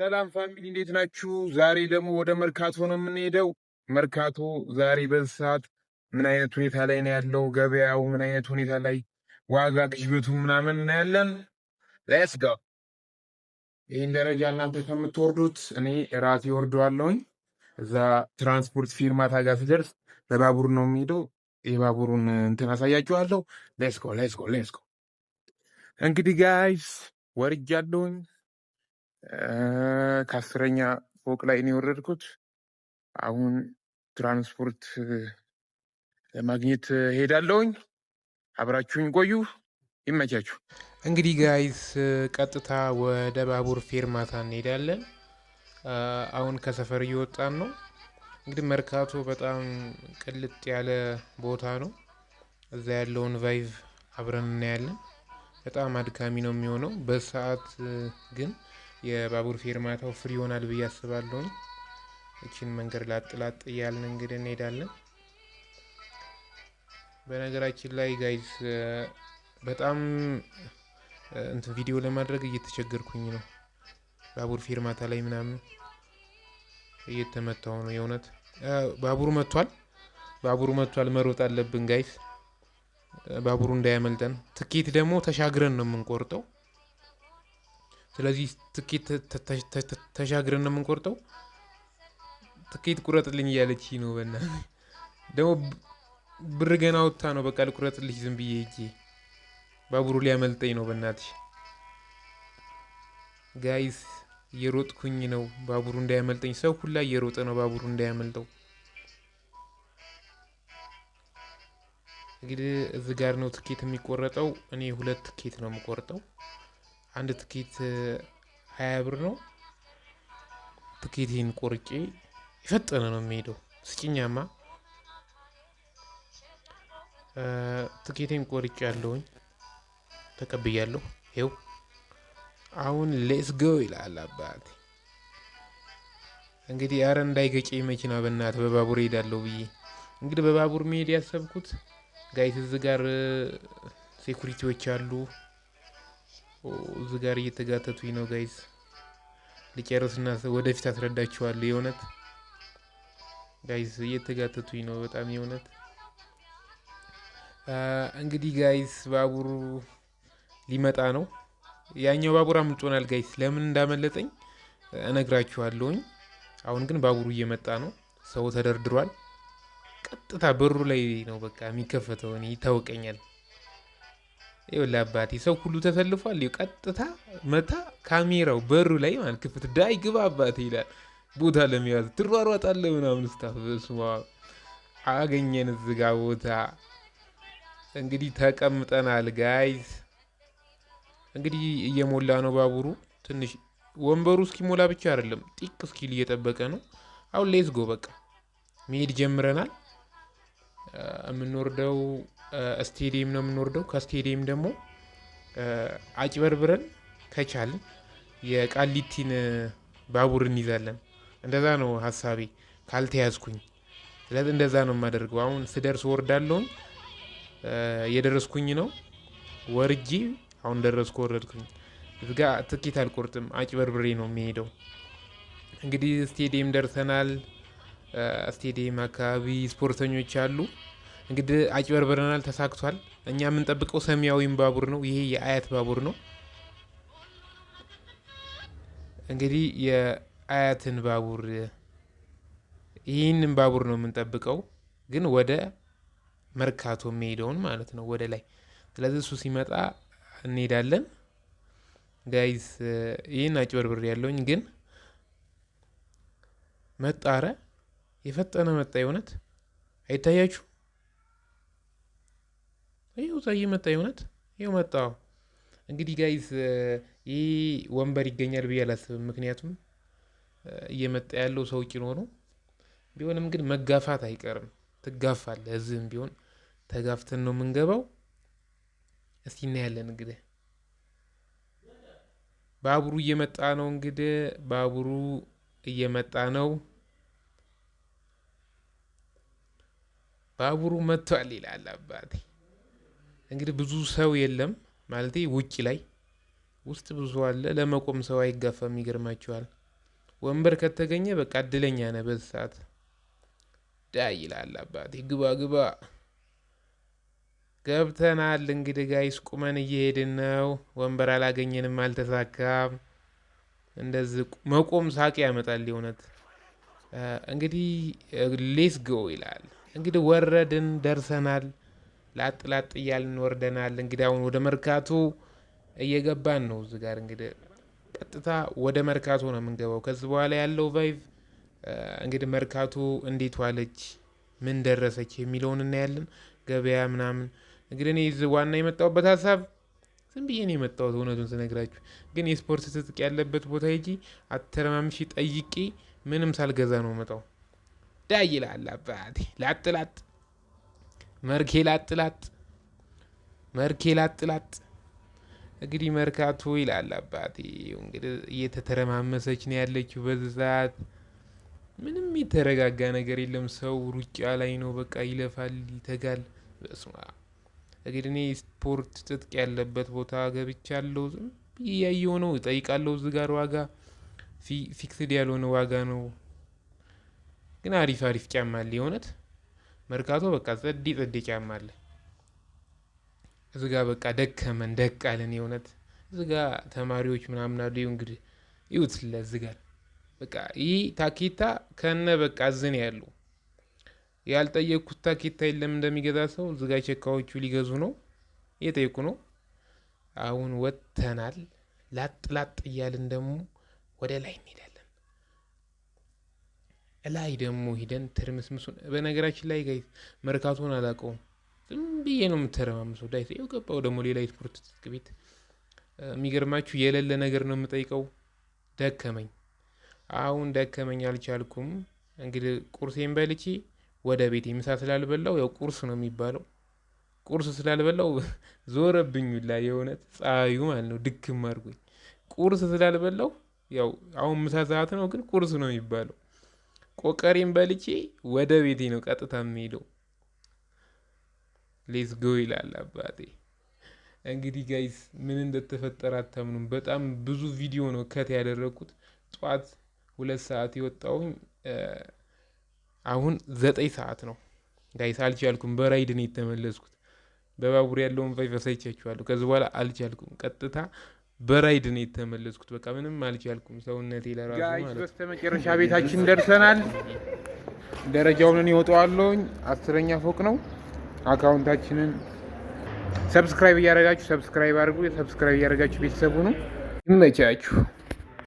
ሰላም ፋሚሊ እንዴት ናችሁ? ዛሬ ደግሞ ወደ መርካቶ ነው የምንሄደው። መርካቶ ዛሬ በዚህ ሰዓት ምን አይነት ሁኔታ ላይ ነው ያለው? ገበያው ምን አይነት ሁኔታ ላይ፣ ዋጋ ግሽበቱ ምናምን እናያለን። ሌትስ ጎ። ይህን ደረጃ እናንተ ከምትወርዱት እኔ ራሴ ወርደዋለሁኝ። እዛ ትራንስፖርት ፊርማ ታጋ ስደርስ በባቡር ነው የሚሄደው። የባቡሩን እንትን አሳያችኋለሁ። ሌትስ ጎ ሌትስ ጎ ሌትስ ጎ። እንግዲህ ጋይስ ወርጃለሁኝ። ከአስረኛ ፎቅ ላይ ነው የወረድኩት። አሁን ትራንስፖርት ለማግኘት ሄዳለሁኝ። አብራችሁኝ ቆዩ። ይመቻችሁ። እንግዲህ ጋይስ ቀጥታ ወደ ባቡር ፌርማታ እንሄዳለን። አሁን ከሰፈር እየወጣን ነው። እንግዲህ መርካቶ በጣም ቅልጥ ያለ ቦታ ነው። እዛ ያለውን ቫይቭ አብረን እናያለን። በጣም አድካሚ ነው የሚሆነው በሰዓት ግን የባቡር ፌርማታው ፍሪ ይሆናል ብዬ አስባለሁኝ። እችን መንገድ ላጥ ላጥ እያልን እንግዲህ እንሄዳለን። በነገራችን ላይ ጋይዝ በጣም እንትን ቪዲዮ ለማድረግ እየተቸገርኩኝ ነው። ባቡር ፌርማታ ላይ ምናምን እየተመታው ነው የእውነት ባቡሩ መጥቷል። ባቡሩ መጥቷል። መሮጥ አለብን ጋይስ፣ ባቡሩ እንዳያመልጠን። ትኬት ደግሞ ተሻግረን ነው የምንቆርጠው። ስለዚህ ትኬት ተሻግረን ነው የምንቆርጠው። ትኬት ቁረጥልኝ እያለች ነው። በና ደግሞ ብር ገና ወጥታ ነው። በቃ ልቁረጥልሽ ዝም ብዬ ሂጄ ባቡሩ ሊያመልጠኝ ነው። በእናትሽ ጋይስ እየሮጥኩኝ ነው ባቡሩ እንዳያመልጠኝ። ሰው ሁላ እየሮጠ ነው ባቡሩ እንዳያመልጠው። እንግዲህ እዚህ ጋር ነው ትኬት የሚቆረጠው። እኔ ሁለት ትኬት ነው የምቆርጠው። አንድ ትኬት ሀያ ብር ነው። ትኬቴን ቆርጬ የፈጠነ ነው የሚሄደው። ስጭኛማ ትኬቴን ቆርጬ ያለውኝ ተቀብያለሁ። ይው አሁን ሌስ ጎ ይላል አባት። እንግዲህ አረ እንዳይገጨ መኪና በእናት በባቡር ሄዳለሁ ብዬ እንግዲህ በባቡር መሄድ ያሰብኩት ጋይት እዚህ ጋር ሴኩሪቲዎች አሉ። እዚ ጋር እየተጋተቱኝ ነው ጋይዝ። ልጨርስና ወደፊት አስረዳችኋለሁ። የእውነት ጋይዝ እየተጋተቱኝ ነው በጣም የእውነት። እንግዲህ ጋይዝ ባቡሩ ሊመጣ ነው። ያኛው ባቡር አምልጦናል ጋይዝ። ለምን እንዳመለጠኝ እነግራችኋለሁኝ። አሁን ግን ባቡሩ እየመጣ ነው። ሰው ተደርድሯል። ቀጥታ በሩ ላይ ነው በቃ የሚከፈተው። እኔ ይታወቀኛል። ይኸውልህ አባቴ ሰው ሁሉ ተሰልፏል። ቀጥታ መታ ካሜራው በሩ ላይ ማለት ክፍት ዳይ ግባ አባቴ ይላል። ቦታ ለመያዝ ትሯሯጣለህ ምናምን ስታፍ በስማ አገኘን እዝጋ ቦታ እንግዲህ ተቀምጠናል። ጋይዝ እንግዲህ እየሞላ ነው ባቡሩ። ትንሽ ወንበሩ እስኪሞላ ብቻ አይደለም ጢቅ እስኪል እየጠበቀ ነው። አሁን ሌዝጎ በቃ መሄድ ጀምረናል የምንወርደው ስቴዲየም ነው የምንወርደው። ከስቴዲየም ደግሞ አጭበርብረን ከቻልን የቃሊቲን ባቡር እንይዛለን። እንደዛ ነው ሀሳቤ ካልተያዝኩኝ። ስለዚህ እንደዛ ነው የማደርገው። አሁን ስደርስ ወርዳለውን የደረስኩኝ ነው ወርጄ፣ አሁን ደረስኩ፣ ወረድኩኝ። እዚጋ ትኬት አልቆርጥም፣ አጭበርብሬ ነው የሚሄደው። እንግዲህ ስቴዲየም ደርሰናል። ስቴዲየም አካባቢ ስፖርተኞች አሉ። እንግዲህ አጭበርብረናል፣ ተሳክቷል። እኛ የምንጠብቀው ሰማያዊም ባቡር ነው። ይሄ የአያት ባቡር ነው። እንግዲህ የአያትን ባቡር ይህንን ባቡር ነው የምንጠብቀው፣ ግን ወደ መርካቶ የሚሄደውን ማለት ነው ወደ ላይ። ስለዚህ እሱ ሲመጣ እንሄዳለን። ጋይዝ ይህን አጭበርብር ያለውኝ ግን መጣረ የፈጠነ መጣ የእውነት አይታያችሁ ይኸው ዛዬ መጣ የእውነት ይኸው መጣው። እንግዲህ ጋይዝ ይህ ወንበር ይገኛል ብዬ አላስብም። ምክንያቱም እየመጣ ያለው ሰው ጭኖ ነው። ቢሆንም ግን መጋፋት አይቀርም። ትጋፋለህ። እዚህም ቢሆን ተጋፍተን ነው የምንገባው። እስቲ እናያለን እንግዲህ ባቡሩ እየመጣ ነው። እንግዲህ ባቡሩ እየመጣ ነው። ባቡሩ መጥቷል ይላል አባቴ። እንግዲህ ብዙ ሰው የለም ማለት ውጭ ላይ ውስጥ ብዙ ሰው አለ። ለመቆም ሰው አይጋፋም። ይገርማቸዋል ወንበር ከተገኘ በቃ እድለኛ ነህ። በዚህ ሰዓት ዳይ ይላል አባቴ። ግባ ግባ። ገብተናል። እንግዲህ ጋይስ ቁመን እየሄድን ነው። ወንበር አላገኘንም፣ አልተሳካም። እንደዚህ መቆም ሳቅ ያመጣል የእውነት። እንግዲህ ሌስ ጎ ይላል። እንግዲህ ወረድን፣ ደርሰናል። ላጥ ላጥ እያልን ወርደናል። እንግዲህ አሁን ወደ መርካቶ እየገባን ነው። እዚህ ጋር እንግዲህ ቀጥታ ወደ መርካቶ ነው የምንገባው። ከዚህ በኋላ ያለው ቫይቭ እንግዲህ መርካቶ እንዴት ዋለች፣ ምን ደረሰች የሚለውን እናያለን። ገበያ ምናምን እንግዲህ እኔ እዚህ ዋና የመጣሁበት ሀሳብ ዝም ብዬ ነው የመጣሁት። እውነቱን ስነግራችሁ ግን የስፖርት ትጥቅ ያለበት ቦታ ሄጂ አተረማምሽ ጠይቄ ምንም ሳልገዛ ነው መጣው። ዳ ይላል አባቴ ላጥ ላጥ መርኬ ላጥላጥ መርኬ ላጥላጥ እንግዲህ መርካቶ ይላል አባቴ። እንግዲህ እየተተረማመሰች ነው ያለችው በዚህ ሰዓት። ምንም የተረጋጋ ነገር የለም። ሰው ሩጫ ላይ ነው፣ በቃ ይለፋል፣ ይተጋል። በስማ እንግዲህ እኔ ስፖርት ትጥቅ ያለበት ቦታ ገብቻለሁ። ዝም ብዬ እያየሁ ነው፣ እጠይቃለሁ። እዚህ ጋር ዋጋ ፊክስድ ያልሆነ ዋጋ ነው፣ ግን አሪፍ አሪፍ ጫማ አለ የእውነት መርካቶ በቃ ጸዲ ጸዲ ጫማ አለ። እዚ ጋ በቃ ደከመን ደቃልን የእውነት እዚ ጋ ተማሪዎች ምናምን አሉ። እንግዲህ ይሁት እዚ ጋር በቃ ይህ ታኬታ ከነ በቃ ዝን ያሉ ያልጠየቅኩት ታኬታ የለም። እንደሚገዛ ሰው እዚ ጋ ቸካዎቹ ሊገዙ ነው እየጠየቁ ነው። አሁን ወጥተናል። ላጥ ላጥ እያልን ደግሞ ወደ ላይ እንሄዳለን። ላይ ደግሞ ሂደን ትርምስምሱን በነገራችን ላይ ጋይ መርካቶን አላውቀውም። ዝም ብዬ ነው የምተረማምሰው። ዳይ ይኸው ገባው ደግሞ ሌላ የትምህርት ትጥቅ ቤት የሚገርማችሁ የሌለ ነገር ነው የምጠይቀው። ደከመኝ፣ አሁን ደከመኝ፣ አልቻልኩም። እንግዲህ ቁርሴን በልቼ ወደ ቤት ምሳ ስላልበላው ያው ቁርስ ነው የሚባለው። ቁርስ ስላልበላው ዞረብኝ ላ የእውነት ፀሐዩ ማለት ነው ድክም አድርጎኝ። ቁርስ ስላልበላው ያው አሁን ምሳ ሰዓት ነው ግን ቁርስ ነው የሚባለው ቆቀሬን በልቼ ወደ ቤቴ ነው ቀጥታ የሚሄደው። ሌስ ጎ ይላል አባቴ። እንግዲህ ጋይስ ምን እንደተፈጠረ አታምኑም። በጣም ብዙ ቪዲዮ ነው ከት ያደረግኩት። ጠዋት ሁለት ሰዓት የወጣውኝ አሁን ዘጠኝ ሰዓት ነው ጋይስ። አልቻልኩም። በራይድ ነው የተመለስኩት። በባቡር ያለውን ቫይቨርስ አይቻችኋለሁ። ከዚህ በኋላ አልቻልኩም ቀጥታ በራይድ ነው የተመለስኩት። በቃ ምንም አልቻልኩም። ሰውነቴ ለራሱ ማለት በስተመጨረሻ ቤታችን ደርሰናል። ደረጃውን እኔ እወጣዋለሁኝ። አስረኛ ፎቅ ነው። አካውንታችንን ሰብስክራይብ እያደረጋችሁ ሰብስክራይብ አድርጉ። ሰብስክራይብ እያደረጋችሁ ቤተሰቡ ነው። ይመቻችሁ።